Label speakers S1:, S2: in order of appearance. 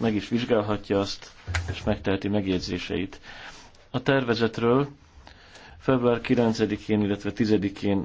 S1: meg is vizsgálhatja azt, és megteheti megjegyzéseit. A tervezetről február 9-én, illetve 10-én